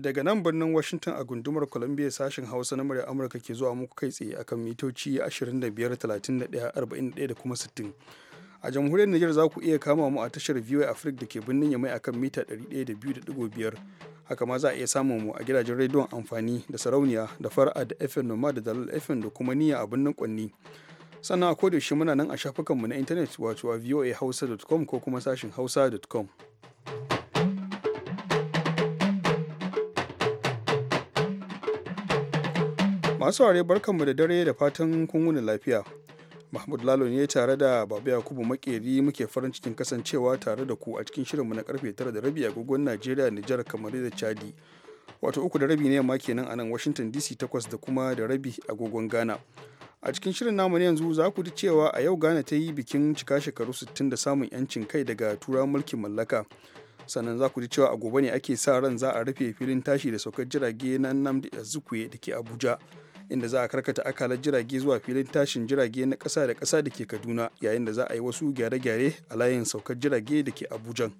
daga nan birnin washington a gundumar columbia sashen hausa na murya amurka ke zuwa muku kai tsaye akan mitoci 25 31 41 da a jamhuriyar Nijar za ku iya kama mu a tashar VOA Africa da ke birnin Yamai akan mita 102.5 haka ma za a iya samun mu a gidajen rediyon amfani da sarauniya da fara'a da FM Noma da Dalal FM da kuma niyya a birnin Kwanni sannan a yaushe muna nan a shafukanmu na intanet wato a voahausa.com ko kuma sashin hausa.com masu ware barkanmu da dare da fatan kun lafiya mahmud lalo ne tare da babu yakubu makeri muke farin cikin kasancewa tare da ku a cikin shirinmu na karfe 9 da rabi agogon najeriya nijar kamar da chadi wato uku da rabi ne yamma kenan a nan washington dc 8 da kuma da rabi agogon ghana a cikin shirin namu na yanzu za ku ji cewa a yau ghana ta yi bikin cika shekaru 60 da samun yancin kai daga turawan mulkin mallaka sannan za ku ji cewa a gobe ne ake sa ran za a rufe filin tashi da saukar jirage na namdi Azikwe da ke Abuja inda za a karkata akalar jirage zuwa filin tashin jirage na kasa da kasa da ke Kaduna yayin da za a yi wasu gyare-gyare a layin saukar jirage da ke Abuja.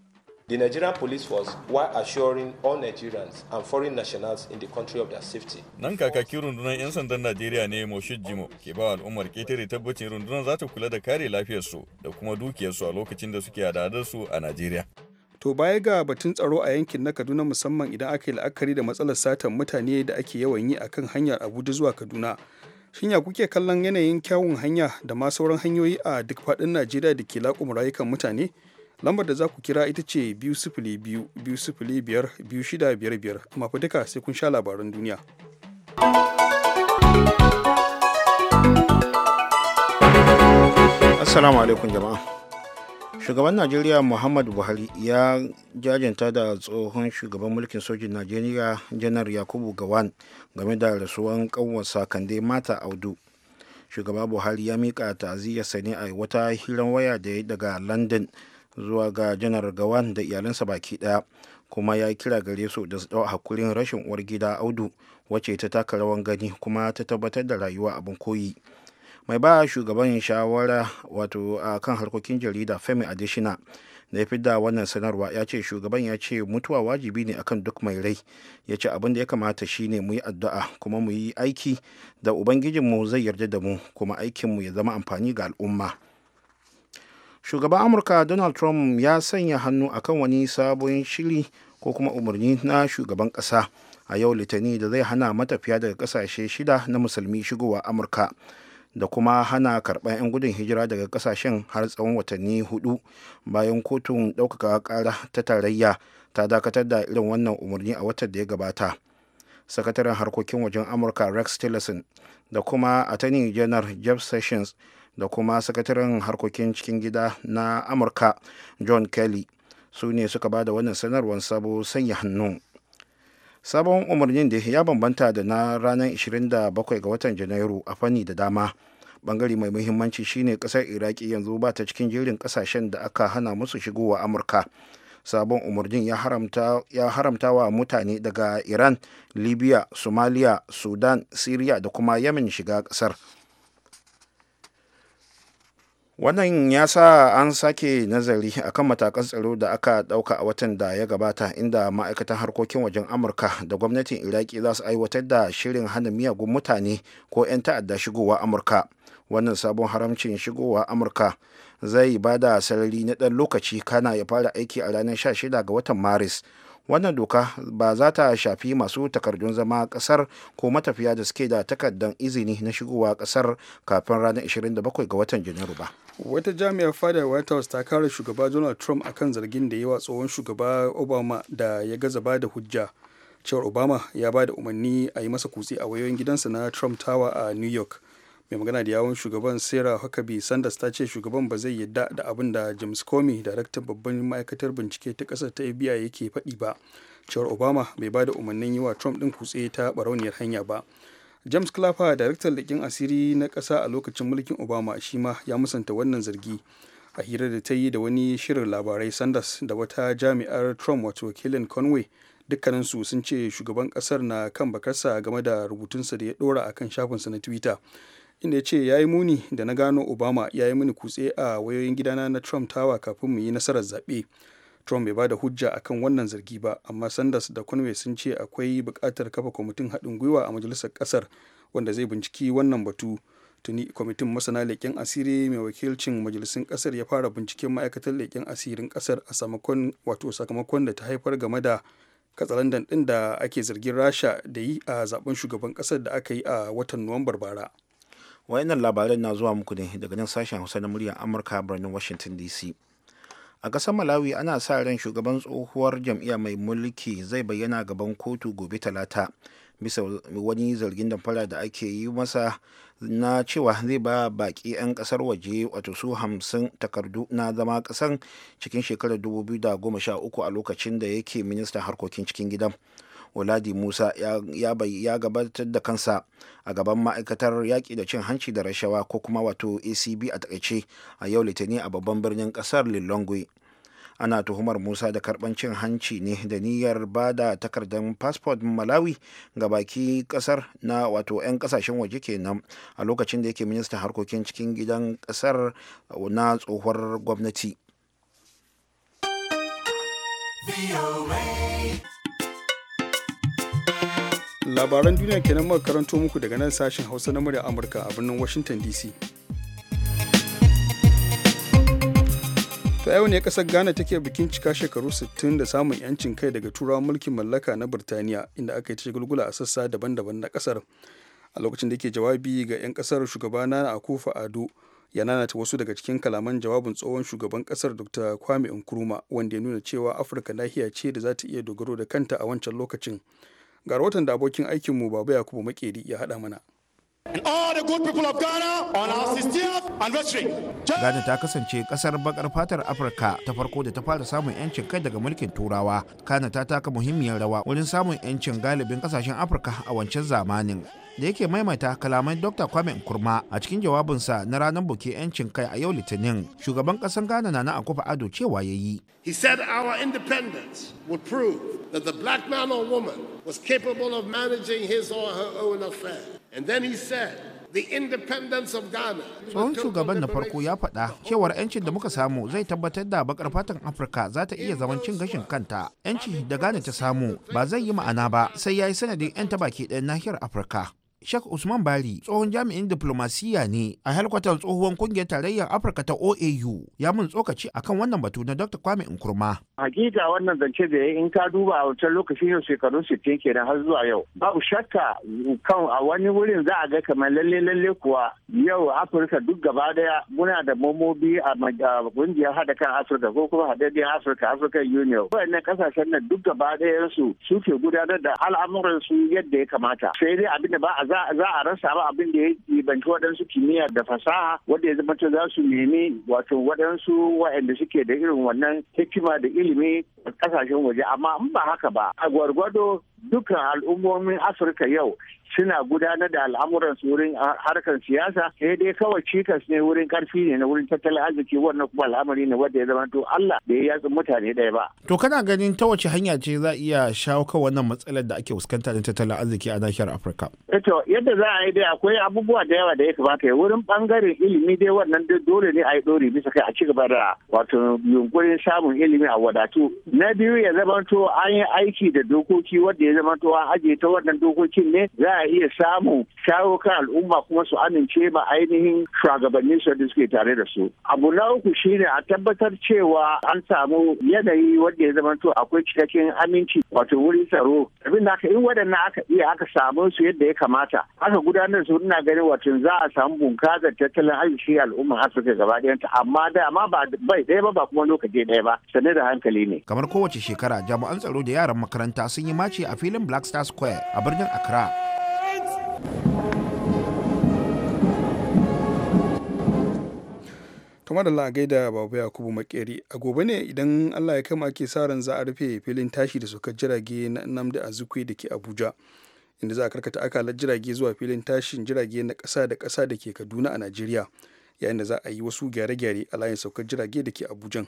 The Nigerian police was while assuring all Nigerians and foreign nationals in the country of their safety. Nan kakakin rundunar 'yan sandan Najeriya ne Moshid Jimo ke ba al'ummar ketare tabbacin rundunar za ta kula da kare lafiyarsu da kuma dukiyarsu a lokacin da suke hada su a Najeriya. To baya ga batun tsaro a yankin na Kaduna musamman idan aka yi la'akari da matsalar satar mutane da ake yawan yi akan hanyar Abuja zuwa Kaduna. Shin ya kuke kallon yanayin kyawun hanya da ma sauran hanyoyi a duk faɗin Najeriya da ke laƙumin rayukan mutane? lambar da za ku kira ita ce biyu sifili biyu biyu sifili biyar biyu shida biyar amma duka sai kun sha labaran duniya assalamu alaikum jama'a shugaban najeriya muhammadu buhari ya jajanta da tsohon shugaban mulkin sojin najeriya janar yakubu gawan game da rasuwan kanwarsa kande mata audu shugaba buhari ya mika ta'aziyyarsa sani a wata hirar waya da ya daga london zuwa ga janar gawan da iyalinsa baki daya kuma ya kira gare su da su hakurin rashin uwar gida audu wacce ta taka rawan gani kuma ta tabbatar da rayuwa abin koyi mai ba shugaban shawara wato a kan harkokin jarida femi adishina da ya da wannan sanarwa ya ce shugaban ya ce mutuwa wajibi ne akan duk mai rai ya ce abin da ya kamata shine mu yi addu'a kuma mu yi aiki da ubangijinmu zai yarda da mu kuma aikinmu ya zama amfani ga al'umma shugaban amurka donald trump ya sanya hannu akan wani sabon shiri ko kuma umarni na shugaban ƙasa a yau litani da zai hana matafiya daga kasashe shida na musulmi shigowa amurka da kuma hana karɓar 'yan gudun hijira daga ƙasashen har tsawon watanni hudu bayan kotun ɗaukaka ƙara ta tarayya ta dakatar da irin wannan umarni a watan da ya gabata sakataren harkokin wajen amurka rex tillerson da kuma attorney janar jeff sessions da kuma sakataren harkokin cikin gida na amurka john kelly su ne suka ba da wannan sanarwar sabo sanya hannu sabon umarnin da ya bambanta da na ranar 27 ga watan janairu a fanni da dama bangare mai muhimmanci shine kasar iraki yanzu ba ta cikin jerin kasashen da aka hana musu shigowa amurka sabon umarnin ya haramta, ya haramta wa mutane daga iran libya somalia sudan syria da kuma yamin shiga kasar wannan ya sa an sake nazari a kan matakan tsaro da aka dauka a watan da ya gabata inda ma'aikatan harkokin wajen amurka da gwamnatin iraki za su aiwatar da shirin hana miyagun mutane ko 'yan ta'adda shigowa amurka wannan sabon haramcin shigowa amurka zai ba da sarari na ɗan lokaci kana ya fara aiki a ranar 16 ga watan maris wannan doka ba za ta shafi masu takardun zama kasar ko matafiya da suke da takardan izini na shigowa kasar kafin ranar 27 ga watan janairu ba wata jami'ar fadar white house ta kare shugaba donald trump akan zargin da yawa tsohon shugaba obama da ya gaza ba da hujja cewar obama ya ba da umarni a yi masa kutse a wayoyin gidansa na trump tower a new york mai magana da yawon shugaban sarah huckabee sanders ta ce shugaban ba zai yadda da abin da james comey daraktan babban ma'aikatar bincike ta kasar ta fbi yake faɗi ba cewar obama bai ba da umarnin yi wa trump ɗin kutse ta barauniyar hanya ba james clapper daraktan leƙin asiri na ƙasa a lokacin mulkin obama shi ma ya musanta wannan zargi a hira da ta yi da wani shirin labarai sanders da wata jami'ar trump wato kellen conway dukkaninsu sun ce shugaban kasar na kan bakarsa game da rubutunsa da ya dora a kan shafinsa na twitter inda ya ce ya yi muni da na gano obama ya yi mini kutse a wayoyin gidana na trump tawa kafin mu yi nasarar zaɓe trump bai ba da hujja akan wannan zargi ba amma sanders da conway sun ce akwai buƙatar kafa kwamitin haɗin gwiwa a majalisar ƙasar wanda zai binciki wannan batu tuni kwamitin masana leƙen asiri mai wakilcin majalisun ƙasar ya fara binciken ma'aikatar leƙen asirin ƙasar a samakon wato sakamakon da ta haifar game da katsalandan ɗin da ake zargin rasha da yi a zaben shugaban ƙasar da aka yi a watan nuwambar bara wayannan labaran na zuwa muku ne daga nan sashen hausa na muryar amurka birnin washington dc a ƙasar malawi ana sa ran shugaban tsohuwar jam'iyya mai mulki zai bayyana gaban kotu gobe talata bisa wani zargin damfara da ake yi masa na cewa zai ba baki 'yan ƙasar waje wato su hamsin takardu na zama kasan cikin shekarar 2013 a lokacin da yake ministan harkokin cikin gidan. Oladi Musa ya gabatar da kansa a gaban ma'aikatar yaƙi da cin hanci da rashawa ko kuma wato ACB a takaice a yau Litinin a babban birnin ƙasar Lilongwe. Ana tuhumar Musa da karɓan cin hanci ne da niyyar ba da takardar fasfot Malawi ga baki ƙasar na wato 'yan ƙasashen waje kenan a lokacin da yake ministan harkokin cikin gidan ƙasar na tsohuwar gwamnati. labaran duniya kenan muka karanto muku daga nan sashen hausa na murya amurka a birnin washington dc ta yau ne kasar ghana take bikin cika shekaru 60 da samun yancin kai daga turawan mulkin mallaka na birtaniya inda aka yi ta gulgula a sassa daban-daban na kasar a lokacin da yake jawabi ga 'yan kasar shugaba na akufa ado ya nanata wasu daga cikin kalaman jawabin tsohon shugaban kasar dr kwame nkrumah wanda ya nuna cewa afirka nahiya ce da za ta iya dogaro da kanta a wancan lokacin ga rahoton da abokin aikinmu baba yakubu makeri ya haɗa mana Ghana ta kasance kasar bakar fatar Afirka ta farko da ta fara samun 'yancin kai daga mulkin Turawa. Kana ta taka muhimmiyar rawa wurin samun 'yancin galibin kasashen Afirka a wancan zamanin. da yake maimaita kalaman dr kwame nkurma a cikin jawabinsa na ranar buke 'yancin kai a yau litinin shugaban ƙasar ghana na na akufa ado cewa ya yi he said our independence would prove that the black man or woman was capable of managing his or her own affair and then he said tsohon shugaban na farko ya faɗa cewar 'yancin da muka samu zai tabbatar da bakar fatan afirka za ta iya zaman cin gashin kanta 'yanci da Ghana ta samu ba zai yi ma'ana ba sai ya yi sanadin 'yan tabaki baki ɗayan nahiyar afirka Sheikh Usman Bari tsohon jami'in diplomasiya ne a helkwatar tsohuwar kungiyar tarayyar Afirka ta OAU ya mun tsokaci akan wannan batu na Dr. Kwame Nkrumah. Hakika wannan zance da ya in ka duba a wancan lokacin yau shekaru 60 kenan har zuwa yau. Babu shakka kan a wani wurin za a ga kamar lalle lalle kuwa yau Afirka duk gaba daya muna da momobi a kungiyar hada kan Afirka ko kuma hadaddiyar Afirka African Union. Wayannan kasashen nan duk gaba daya su suke gudanar da al'amuran yadda ya kamata. Sai dai abin ba a za a rasa ba abin da ya banci waɗansu kimiyya da fasaha wanda ya zama za su nemi wato waɗansu waɗanda suke da irin wannan hikima da ilimi a ƙasashen waje amma in ba haka ba a gwargwado dukkan al'ummomin afirka yau suna gudanar da al'amuran su wurin harkar siyasa sai dai kawai cikas ne wurin karfi ne na wurin tattalin arziki wannan kuma al'amari ne wanda ya zama to Allah da ya yatsu mutane ɗaya ba. To kana ganin ta wace hanya ce za a iya shawo kan wannan matsalar da ake fuskanta na tattalin arziki a nahiyar Afirka? Eh to yadda za a yi dai akwai abubuwa da yawa da ya kamata ya wurin bangaren ilimi dai wannan dole ne a yi ɗori bisa kai a ci gaba da wato yunkurin samun ilimi a wadatu. Na biyu ya zama to an yi aiki da dokoki wanda ya zama to an ajiye ta wannan dokokin ne za a ana iya samu shawo kan al'umma kuma su amince ma ainihin shugabannin su da suke tare da su abu na uku shine a tabbatar cewa an samu yanayi wanda ya zama to akwai cikakken aminci wato wurin tsaro abin da aka yi waɗannan aka iya aka samu su yadda ya kamata aka gudanar su ina ganin wato za a samu bunkasar tattalin arziki al'ummar afirka gaba ɗayanta amma da amma ba bai ɗaya ba ba kuma lokaci ɗaya ba sanne da hankali ne kamar kowace shekara jami'an tsaro da yaran makaranta sun yi mace a filin black star square a birnin accra kamar da gaida babu yakubu makeri a gobe ne idan allah ya kama ake sa ran za a rufe filin tashi da saukar jirage na namdi zukwe da ke abuja inda za a karkata akalar jirage zuwa filin tashin jirage na kasa da ƙasa da ke kaduna a najeriya yayin da za a yi wasu gyare-gyare a layin saukar jirage da ke abujan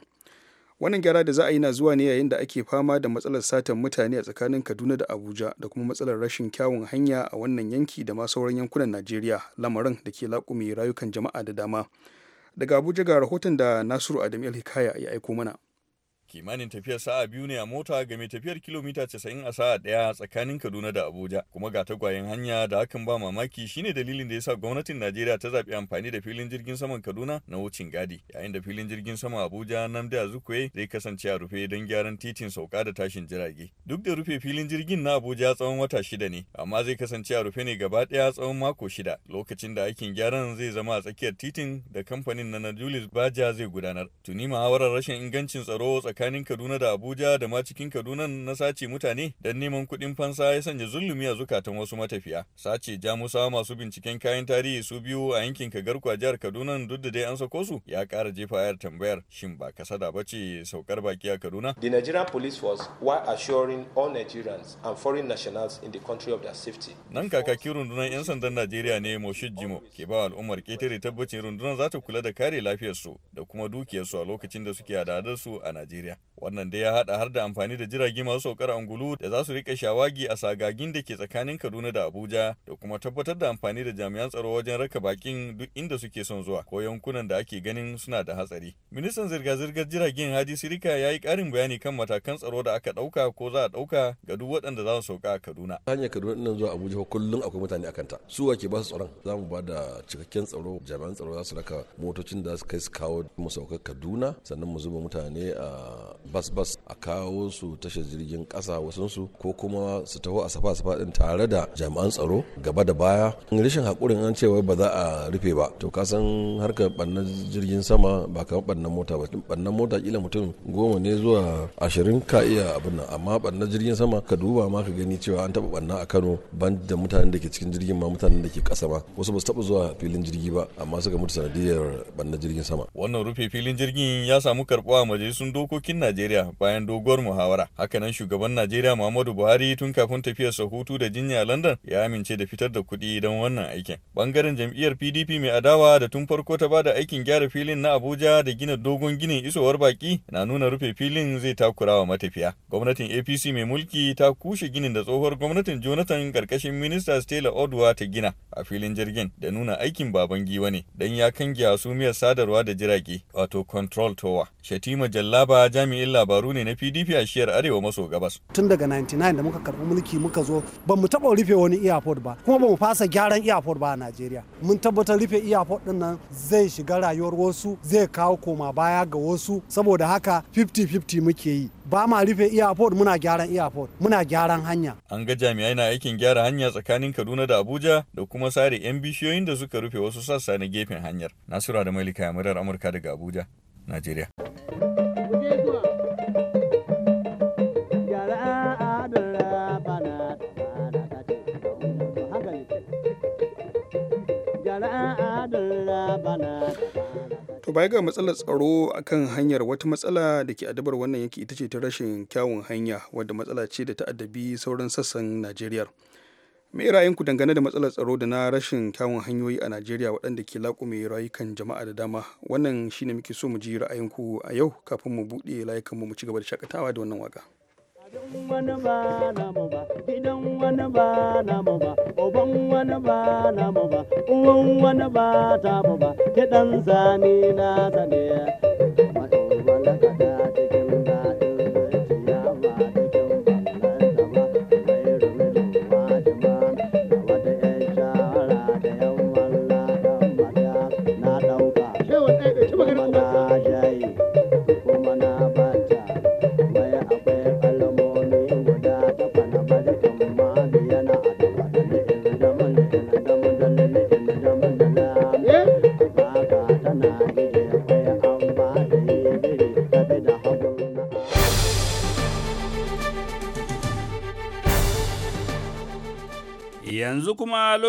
wannan gyara da za a yi na zuwa ne yayin da ake fama da matsalar satan mutane a tsakanin kaduna da abuja da kuma matsalar rashin kyawun hanya a wannan yanki da ma sauran yankunan najeriya lamarin da ke laƙumi rayukan jama'a da dama daga abuja ga rahoton da nasiru adam hikaya ya aiko mana kimanin tafiyar sa'a biyu ne a mota game tafiyar kilomita 90 a sa'a ɗaya tsakanin Kaduna da Abuja kuma ga tagwayen hanya da hakan ba mamaki shine dalilin da yasa gwamnatin Najeriya ta zaɓi amfani da filin jirgin saman Kaduna na wucin gadi yayin da filin jirgin sama Abuja Namdi Azukwe zai kasance a rufe don gyaran titin sauka da tashin jirage duk da rufe filin jirgin na Abuja tsawon wata shida ne amma zai kasance a rufe ne gaba ɗaya tsawon mako shida lokacin da aikin gyaran zai zama a tsakiyar titin da kamfanin na Julius Baja zai gudanar tuni muhawarar rashin ingancin tsaro tsakanin tsakanin Kaduna da Abuja da ma cikin Kaduna na sace mutane don neman kuɗin fansa ya sanya zulumi a zukatan wasu matafiya. Sace Jamusawa masu binciken kayan tarihi su biyu a yankin Kagarkwa jihar Kaduna duk da dai an sako su ya kara jefa 'yar tambayar shin ba kasada ba ce saukar baki a Kaduna. The Nigerian police was while assuring all Nigerians and foreign nationals in the country of their safety. Nan kakakin rundunar 'yan sandan Najeriya ne Moshid Jimo ke ba al'ummar ƙetare tabbacin rundunar za ta kula da kare lafiyarsu da kuma dukiyarsu a lokacin da suke hada su a Najeriya. Wannan da ya haɗa har da amfani da jirage masu saukar angulu da za su rika shawagi a sagagin da ke tsakanin Kaduna da Abuja da kuma tabbatar da amfani da jami'an tsaro wajen raka bakin duk inda suke son zuwa ko yankunan da ake ganin suna da hatsari. Ministan zirga-zirgar jiragen Hadi Sirika ya yi ƙarin bayani kan matakan tsaro da aka ɗauka ko za a ɗauka ga duk waɗanda za su sauka a Kaduna. Hanyar Kaduna nan zuwa Abuja kullum akwai mutane akan ta. Su wake ba su tsaron za mu ba da cikakken tsaro jami'an tsaro za su raka motocin da za su kai su kawo mu saukar Kaduna sannan mu zuba mutane a bas-bas a kawo su tashar jirgin kasa wasunsu ko kuma su taho a safa-safa din tare da jami'an tsaro gaba da baya in rashin hakurin an cewa ba za a rufe ba to ka san harkar bannan jirgin sama ba kamar ɓannan mota ba bannan mota kila mutum goma ne zuwa ashirin ka iya abin nan amma bannan jirgin sama ka duba ma ka gani cewa an taba banna a kano ban da mutanen da ke cikin jirgin ma mutanen da ke ƙasa ba wasu ba su taɓa zuwa filin jirgi ba amma suka mutu sanadiyar bannan jirgin sama wannan rufe filin jirgin ya samu karbuwa majalisun dokoki dokokin Najeriya bayan doguwar muhawara. Hakanan shugaban Najeriya Muhammadu Buhari tun kafin tafiyarsa hutu da jinya London ya amince da fitar da kuɗi don wannan aikin. Bangaren jam'iyyar PDP mai adawa da tun farko ta bada aikin gyara filin na Abuja da gina dogon ginin isowar baki na nuna rufe filin zai takurawa matafiya. Gwamnatin APC mai mulki ta kushe ginin da tsohuwar gwamnatin Jonathan karkashin minista Stella Odwa ta gina a filin jirgin da nuna aikin baban giwa ne don ya kange hasumiyar sadarwa da jirage wato control tower. Shatima Jallaba jami'in labaru ne na PDP a shiyar Arewa maso gabas. Tun daga 99 da muka karɓi mulki muka zo ba mu taɓa rufe wani airport ba kuma ba mu fasa gyaran airport ba a Najeriya. Mun tabbatar rufe airport ɗin nan zai shiga rayuwar wasu zai kawo koma baya ga wasu saboda haka 50-50 muke yi. Ba ma rufe airport muna gyaran airport muna gyaran hanya. An ga jami'ai na aikin gyara hanya tsakanin Kaduna da Abuja da kuma sare 'yan bishiyoyin da suka rufe wasu sassa na gefen hanyar. Nasura da Malika Yamurar Amurka daga Abuja, Najeriya. To baya ga matsalar tsaro a kan hanyar wata matsala da ke adabar wannan yanki ita ce ta rashin kyawun hanya wadda matsala ce da ta addabi sauran sassan Najeriya. me ra'ayinku dangane da matsalar tsaro da na rashin kyawun hanyoyi a najeriya waɗanda ke laƙume rayukan jama'a da dama wannan shine muke so mu ji ra'ayinku a yau kafin mu buɗe layukan mu ci gaba da shakatawa da wannan waka.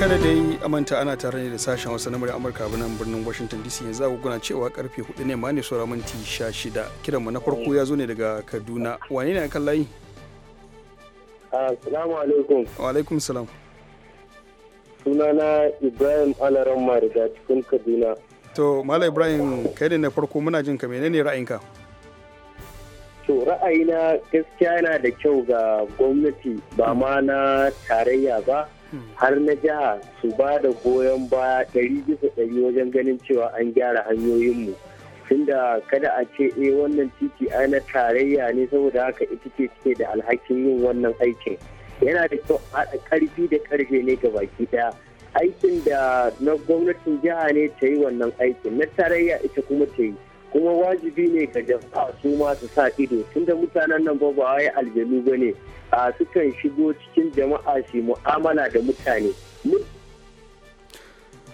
kada da yi amanta ana tare ne da sashen wasu namurin amurka a nan birnin washington dc yanzu agogona cewa karfe hudu ne ma ne saura minti shida kiranmu na farko ya zo ne daga kaduna wane ne kan layi assalamu alaikum wa alaikum salam sunana ibrahim alaramma daga cikin kaduna to mala ibrahim kai ne na farko muna jin ka menene ra'ayinka to ra'ayina gaskiya yana da kyau ga gwamnati ba ma na tarayya ba har na jiha su ba da goyon baya ɗari bisa ɗari wajen ganin cewa an gyara hanyoyinmu tunda kada a ce eh wannan titi ana tarayya ne saboda haka ita ce take da alhakin yin wannan aikin yana da kyau haɗa ƙarfi da ƙarfe ne ga baki ɗaya aikin da na gwamnatin jiha ne ta yi wannan aikin na tarayya ita kuma ta yi kuma wajibi ne ga jama'a su ma su sa ido tunda mutanen nan ba ba wai aljanu ba ne a sukan shigo cikin jama'a su mu'amala da mutane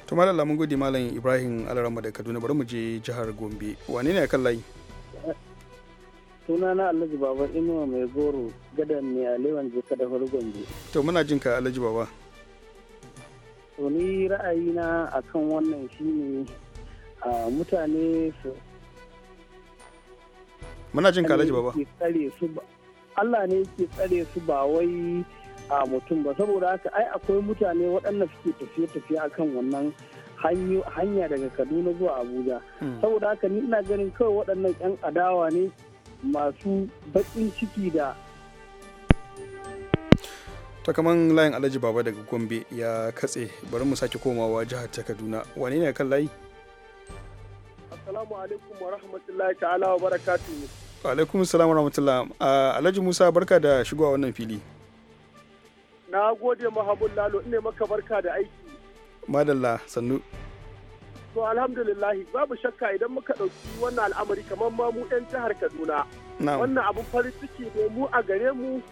to malam mun gode malam ibrahim alarama da kaduna bari mu je jihar gombe wane ne kan layi sunana alhaji baba inuwa mai goro gadan a lewan jika da gombe to muna jin ka alhaji baba to ni ra'ayina akan wannan shine mutane su muna jin kalaji baba Allah ne yake tsare su ba wai a mutum ba saboda haka ai akwai mutane waɗanda suke tafiye-tafiye akan wannan hanya daga Kaduna zuwa Abuja hmm. saboda haka ni ina ganin kawai waɗannan 'yan adawa ne masu baƙin ciki da ta kaman layin alhaji baba daga gombe ya katse bari mu sake komawa jihar ta kaduna wane ne kan layi assalamu alaikum wa rahmatullahi ta'ala wa barakatuhu alaikum salam warahmatullah alhaji musa barka da shigowa wannan fili na gode mahamud lalo ne maka barka da aiki madalla sannu to alhamdulillah babu shakka idan muka ɗauki wannan al'amari kamar ma mu 'yan jihar kaduna wannan abun farin ciki ne mu a gare mu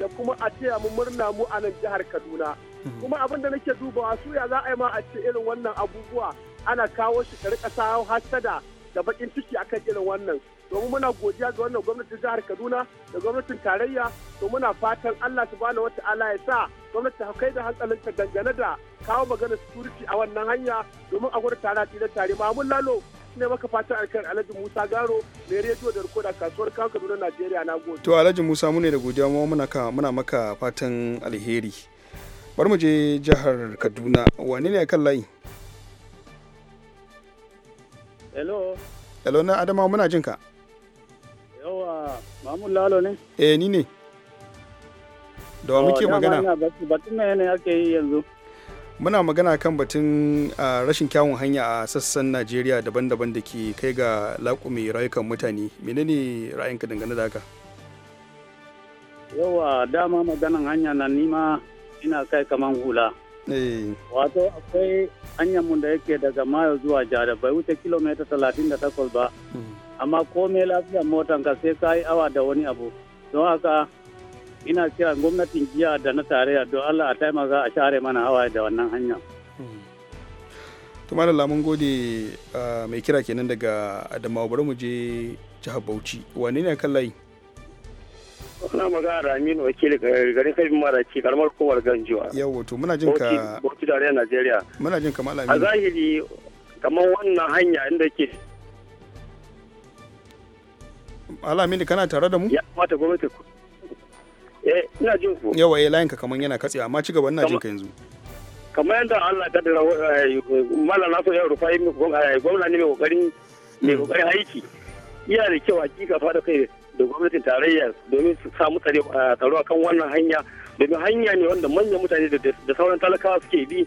da kuma a taya mu murna mu a nan jihar kaduna mhm. kuma abin da nake dubawa su ya za a yi ma a ce irin wannan abubuwa ana kawo shi ka rika hasada da bakin ciki akan irin wannan domin muna godiya ga wannan gwamnatin jihar Kaduna da gwamnatin tarayya to muna fatan Allah wata wata'ala ya sa gwamnati ta kai da ta dangane da kawo magana security a wannan hanya domin a gudu tare a tare Mamun Lalo ne maka fatan alkan Alhaji Musa Garo mai rediyo da rikoda kasuwar kawo Kaduna Najeriya na gode. To Alhaji Musa ne da godiya muna maka fatan alheri. Bari mu je jihar Kaduna wani ne kan layi? Hello. Hello na Adama muna jin ka. Yawa, Mahmud Lalo ne? Eh, ni ne. Da wa oh, muke magana? Batun na yanayi ake yi yanzu. Muna magana kan batun ah, rashin kyawun hanya a sassan Najeriya daban-daban da ke kai ga laƙume rayukan mutane. Menene ra'ayinka dangane da haka? Yawa, dama maganan hanya na nima ina kai kaman hula. Eh. Wato akwai hanyar mu da yake daga Mayo zuwa Jada bai wuce kilomita 38 ba. Hmm. amma komai lafiyar mota ka sai ka yi awa da wani abu don haka ina kira gwamnatin jiya da na tarayya don allah a taimaka a share mana hawa da wannan hanya tumar lamun gode mai kira kenan daga adamawa bari mu je jihar bauchi wani ne kan layi Muna magana da Aminu wakili eh, garin mara ci karamar kowar ganjiwa. Yawwa to muna jin ka. Bauchi da Najeriya. Muna jin ka Malami. A zahiri kamar wannan hanya inda ke Alamini kana tare da mu? Ya mata gwamnati ku. Eh, ina jin ku. Yawa eh layin ka kaman yana katse amma ci gaba ina jin ka yanzu. Kamar yadda Allah ya kaddara na so ya rufa yi eh, gwamna ne mai kokarin mai mm. kokarin aiki. Iya da kyau hakika fa da kai da gwamnatin tarayya domin su samu eh, tsaro akan wannan hanya domin hanya ne wanda manyan mutane da sauran talakawa suke bi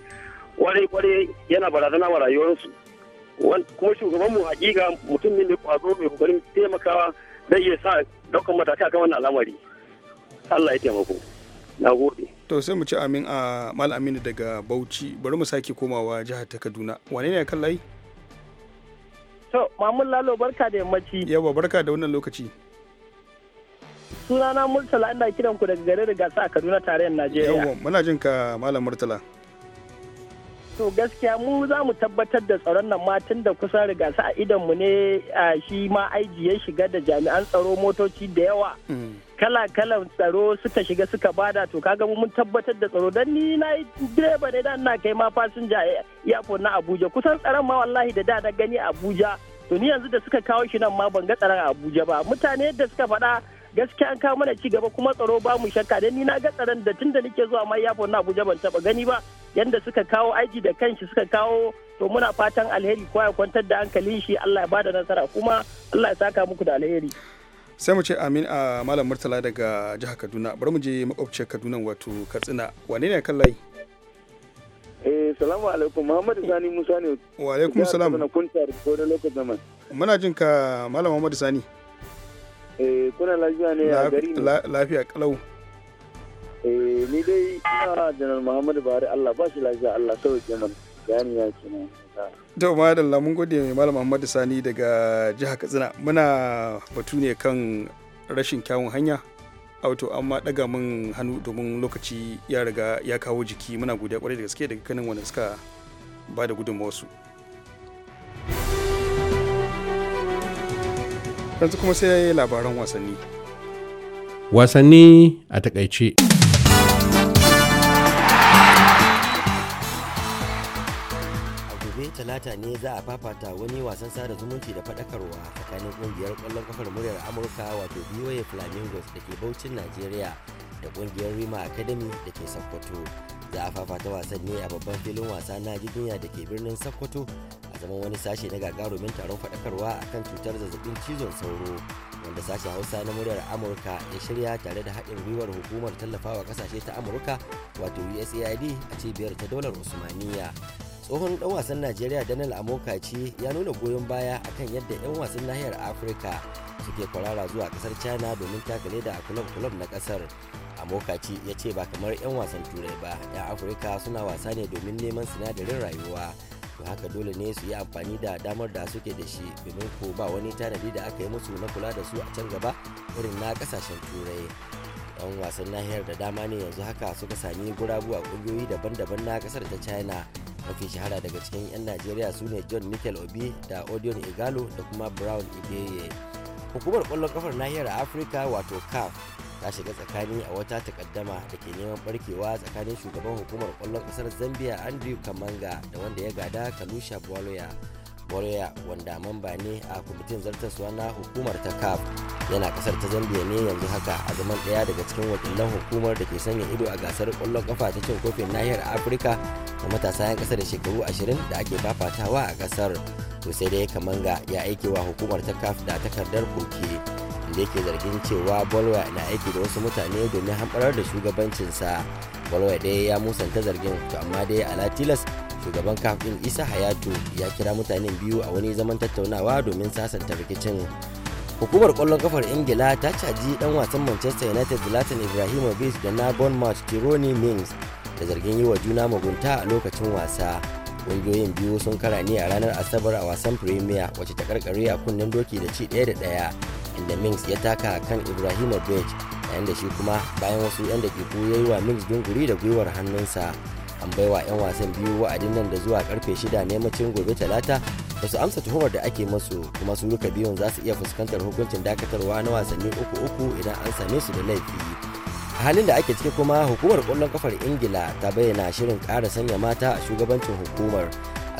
kwarai kware yana barazana wa rayuwarsu. kuma shugabanmu hakika mutum ne mai kwazo mai kokarin taimakawa zai iya sa daukan matakai kan wannan al'amari Allah ya taimako na gode to sai mu ci amin a mal aminu daga bauchi bari mu sake komawa jihar ta kaduna wane ne kan layi to mamun lalo barka da yammaci yawa barka da wannan lokaci sunana murtala ina kiran ku daga gare gasa a kaduna tarayyar najeriya yawa muna jin ka malam murtala to gaskiya mu za mu tabbatar da tsaron nan matan da kusan riga su a mu ne a shi ma aiji ya shiga da jami'an tsaro motoci da yawa mm. kala-kalan tsaro suka shiga suka bada to kaga mun tabbatar da tsaro dan ni na direba ne dan na kai ma fasinja airport na Abuja kusan tsaron ma wallahi da da na gani Abuja to ni yanzu da suka kawo shi nan ma ban ga tsaron Abuja ba mutane da suka faɗa gaskiya an kawo mana ci gaba kuma tsaro ba mu shakka dan ni na ga tsaron da tunda nake zuwa mai yafo na Abuja ban taba gani ba yanda suka kawo aiki da kanshi suka kawo to muna fatan alheri ko ya kwantar da hankalin shi Allah ya bada nasara kuma Allah ya saka muku da alheri sai mu ce amin a malam murtala daga jihar kaduna bari mu je makwabciyar kaduna wato katsina wane ne kan layi eh salamu alaikum muhammadu sani musa ne wa alaikum salam muna jin ka malam muhammadu sani Eh kuna lafiya ne a gari ne? Lafiya kalau. Eh, ni dai ina janar Muhammadu Buhari Allah ba shi lafiya Allah sauke mana. Gani ya ce nan. Jau ma lamun gode mai Malam Muhammadu Sani daga jihar Katsina. Muna batu ne kan rashin kyawun hanya. auto amma daga mun hannu domin lokaci ya riga ya kawo jiki muna godiya kwarai da gaske daga kanin wanda suka ba da gudunmawarsu. su yanzu kuma sai labaran wasanni wasanni a takaice talata ne za a fafata wani wasan sada zumunci da faɗakarwa tsakanin ƙungiyar kwallon kafar muryar amurka wato voa flamingos da ke baucin najeriya da ƙungiyar rima academy da ke sokoto za a fafata wasan ne a babban filin wasa na jiginya da ke birnin sokoto zaman wani sashe na gagarumin taron faɗakarwa akan cutar zazzabin cizon sauro wanda sashen hausa na muryar amurka ya shirya tare da haɗin gwiwar hukumar tallafawa ƙasashe ta amurka wato usaid a cibiyar ta dolar usmaniya tsohon ɗan wasan najeriya daniel amokaci ya nuna goyon baya akan yadda 'yan wasan nahiyar afirka suke kwarara zuwa ƙasar china domin takale da kulob kulob na ƙasar amokaci ya ce ba kamar 'yan wasan turai ba 'yan afirka suna wasa ne domin neman sinadarin rayuwa to haka dole ne su yi amfani da damar da suke da shi domin ko ba wani tanadi da aka yi musu na kula da su a can gaba irin na kasashen turai yan wasan nahiyar da dama ne yanzu haka suka sami gurabu a kungiyoyi daban-daban na kasar ta china mafi shahara daga cikin 'yan najeriya su ne john nickel obi da odion igalo da kuma brown ibeye hukumar kwallon kafar nahiyar afirka wato caf ta shiga tsakani a wata takaddama da ke neman barkewa tsakanin shugaban hukumar kwallon kasar zambia andrew kamanga da wanda ya gada kalusha bwaloya bwaloya wanda mamba ne a kwamitin zartaswa na hukumar ta caf yana kasar ta zambia ne yanzu haka a zaman daya daga cikin wakilan hukumar da ke sanya ido a gasar kwallon kafa ta cin kofin nahiyar afirka da matasa 'yan kasa da shekaru ashirin da ake fafatawa a kasar to sai dai kamanga ya aikewa hukumar ta caf da takardar koke inda yake zargin cewa bolwa na aiki da wasu mutane domin hamɓarar da shugabancinsa bolwa dai ya musanta zargin to amma dai ala tilas shugaban kafin isa hayatu ya kira mutanen biyu a wani zaman tattaunawa domin sasanta rikicin hukumar kwallon kafar ingila ta caji dan wasan manchester united zlatan ibrahimovic da na bournemouth tironi mings da zargin yi wa juna mugunta a lokacin wasa ƙungiyoyin biyu sun kara ne a ranar asabar a wasan premier wacce ta karkare a kunnen doki da ci ɗaya da ɗaya inda Mings ya taka kan Ibrahimovic yayin da shi kuma bayan wasu 'yan dakiku ya yi wa Mings dunguri da gwiwar hannunsa. An baiwa 'yan wasan biyu wa'adin nan da zuwa karfe shida na macin gobe talata ba su amsa tuhumar da ake masu kuma su duka biyun za su iya fuskantar hukuncin dakatarwa na wasanni uku uku idan an same su da laifi. A halin da ake ciki kuma hukumar kwallon kafar Ingila ta bayyana shirin kara sanya mata a shugabancin hukumar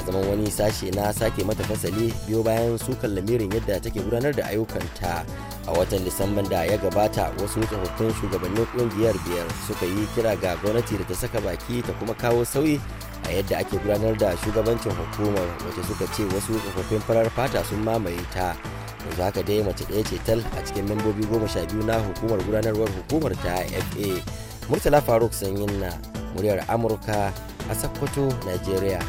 zaman wani sashe na sake mata fasali biyo bayan sukan lamirin yadda take gudanar da ayyukanta a watan disamban da ya gabata wasu tsofaffin shugabannin kungiyar biyar suka yi kira ga gwamnati da ta saka baki ta kuma kawo sauyi a yadda ake gudanar da shugabancin hukumar wacce suka ce wasu tsofaffin farar fata sun mamaye ta yanzu haka dai mace ɗaya ce tal a cikin membobi goma sha biyu na hukumar gudanarwar hukumar ta fa murtala faruk sanyin na muryar amurka a sakkwato nigeria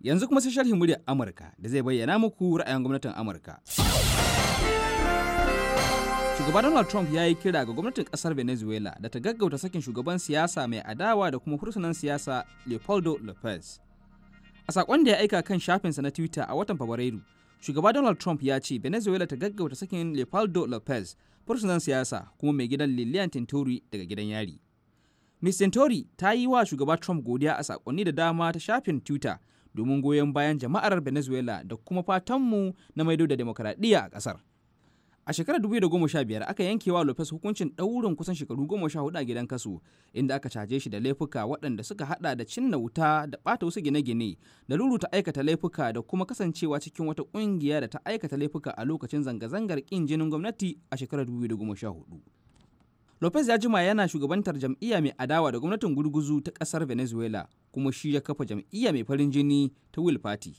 Yanzu kuma sai sharhin muryar Amurka da zai bayyana muku ra'ayin gwamnatin Amurka. Shugaba Donald Trump ya yi kira ga gwamnatin kasar Venezuela da ta gaggauta sakin shugaban siyasa mai adawa da kuma hursunan siyasa Leopoldo Lopez. A saƙon da ya aika kan shafinsa na Twitter a watan Fabrairu, shugaba Donald Trump ya ce Venezuela ta gaggauta sakin Leopoldo Lopez, fursunan siyasa kuma mai gidan Lilian Tintori daga gidan yari. Ms. Tintori ta yi wa shugaba Trump godiya a saƙonni da dama ta shafin Twitter domin goyon bayan jama'ar venezuela da kuma fatanmu na maido da demokradiyya a ƙasar a shekarar 2015 aka yanke wa lopez hukuncin ɗaurin kusan shekaru 14 a gidan kasu inda aka caje shi da laifuka waɗanda suka hada da cinna wuta da ɓata wasu gine-gine da ta aikata laifuka da kuma kasancewa cikin wata ƙungiya da ta aikata laifuka a lokacin zanga-zangar ƙin jinin gwamnati a shekarar 2014 lopez ya jima yana shugabantar jam'iyya mai adawa da gwamnatin gurguzu ta kasar venezuela kuma shi ya kafa jam'iyya mai farin jini ta will party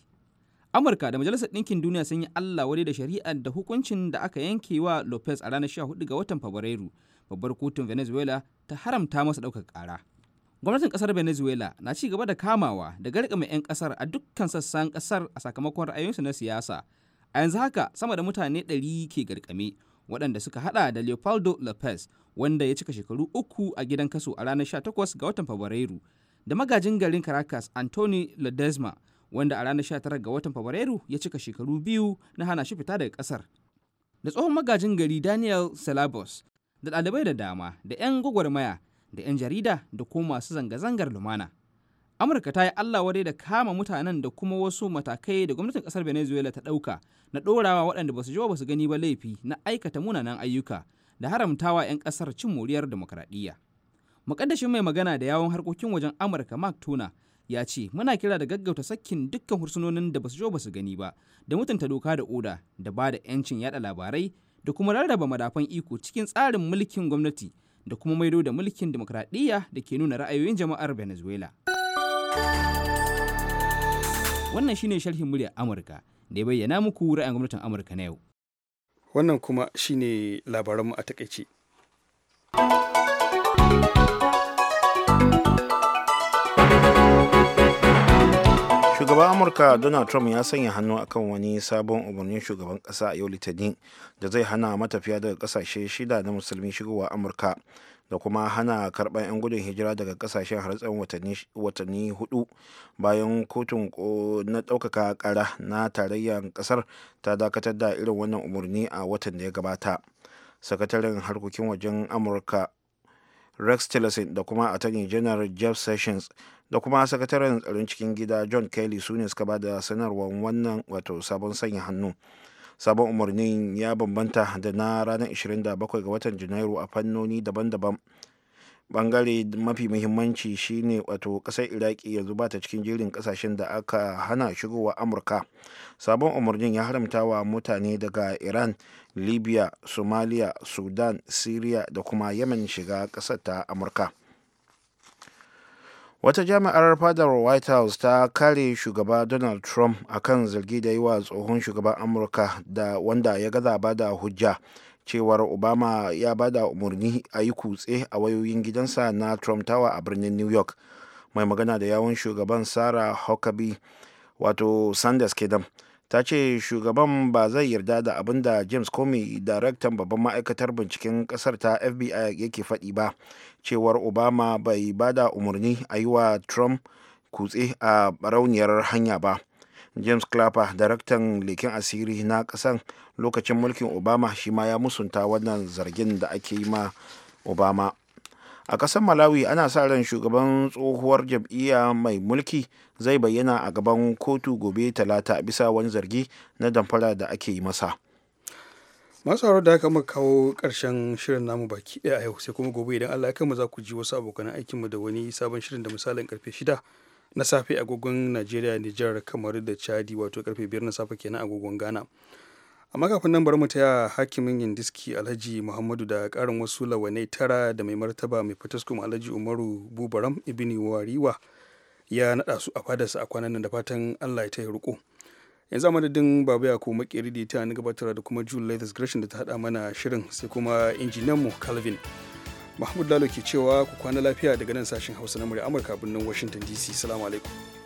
amurka da majalisar ɗinkin duniya sun yi allah wadai da shari'ar da hukuncin da aka yanke wa lopez a ranar 14 ga watan fabrairu babbar kotun venezuela ta haramta masa ɗaukar ƙara gwamnatin ƙasar venezuela na ci gaba da kamawa da garkama 'yan ƙasar a dukkan sassan ƙasar a sakamakon ra'ayoyinsu na siyasa a yanzu haka sama da mutane 100 ke garkame waɗanda suka hada da leopoldo lopez wanda ya cika shekaru uku a gidan kaso a ranar 18 ga watan fabrairu da magajin garin caracas anthony ledesma wanda a ranar 19 ga watan fabrairu ya cika shekaru biyu na hana shi fita daga ƙasar da tsohon magajin gari daniel salabos da ɗalibai da dama da 'yan gwagwarmaya da 'yan jarida da kuma masu zanga-zangar lumana amurka ta yi allah wadai da kama mutanen da kuma wasu matakai da gwamnatin kasar venezuela ta ɗauka na ɗorawa waɗanda ba su ji ba su gani ba laifi na aikata munanan ayyuka da haramtawa 'yan ƙasar cin moriyar demokradiyya mukaddashin mai magana da yawon harkokin wajen amurka mark tuna ya ce muna kira da gaggauta sakkin dukkan hursunonin da basu ba su gani ba da mutunta doka da oda da ba da 'yancin yada labarai da kuma rarraba madafan iko cikin tsarin mulkin gwamnati da kuma maido da mulkin demokradiyya da ke nuna ra'ayoyin jama'ar venezuela Wannan shine sharhin muryar Amurka da ya bayyana muku ra'ayin gwamnatin Amurka na yau. Wannan kuma shine mu a takaice. shugaban amurka donald trump ya sanya hannu akan wani sabon umarnin shugaban kasa a yau litani da zai hana matafiya daga kasashe shida na musulmi shigowa amurka da kuma hana karɓar 'yan gudun hijira daga kasashen har tsawon watanni hudu bayan kotun na ɗaukaka ƙara na tarayyar ƙasar ta dakatar da irin wannan umarni a watan da ya gabata sakataren harkokin wajen amurka rex tillerson da kuma attorney general jeff sessions da kuma sakataren tsaron cikin gida john kelly su ne suka ba da sanarwar wannan wato sabon sanya hannu sabon umarnin ya bambanta da na ranar 27 ga watan janairu a fannoni daban-daban bangare mafi muhimmanci shine wato kasar iraki yanzu zuba ta cikin jirin kasashen da aka hana shigowa amurka sabon umarnin ya haramta wa mutane daga iran libya somalia sudan syria da kuma yemen shiga kasar ta amurka wata jami'ar fadar white house ta kare shugaba donald trump akan zargi da yi wa tsohon shugaban amurka da wanda ya gaza da hujja cewar obama ya bada umarni a yi kutse a wayoyin gidansa na trump tower a birnin new york mai magana da yawon shugaban sarah huckabee wato sanders kedam ta ce shugaban ba zai yarda da abin da james comey daraktan babban ma'aikatar binciken kasar ta fbi yake faɗi ba cewar obama bai ba da umarni a yi wa trump kutse a barauniyar hanya ba james clapper daraktan leken asiri na kasan lokacin mulkin obama shi ma ya musunta wannan zargin da ake yi ma obama a ƙasar malawi ana sa ran shugaban tsohuwar jam'iyya mai mulki zai bayyana a gaban kotu gobe talata bisa wani zargi na damfara da ake yi masa masu da aka muka kawo ƙarshen shirin namu baki ɗaya a yau sai kuma gobe idan allah ya mu za ku ji wasu abokan aikinmu da wani sabon shirin da misalin karfe shida na safe agogon najeriya nijar kamar da chadi wato karfe biyar na safe kenan agogon ghana amma kafin nan bari mu taya hakimin yindiski alhaji muhammadu da karin wasu lawanai tara da mai martaba mai fataskum alhaji umaru bubaram ibini wariwa ya naɗa su a fadarsa a kwanan nan da fatan allah ya taya riko yanzu a madadin babu ya ko makeri da ta ni gabatar da kuma jule latest gresham da ta hada mana shirin sai kuma mu calvin mahmud lalo ke cewa ku kwana lafiya daga nan sashen hausa na murya amurka birnin washington dc salamu alaikum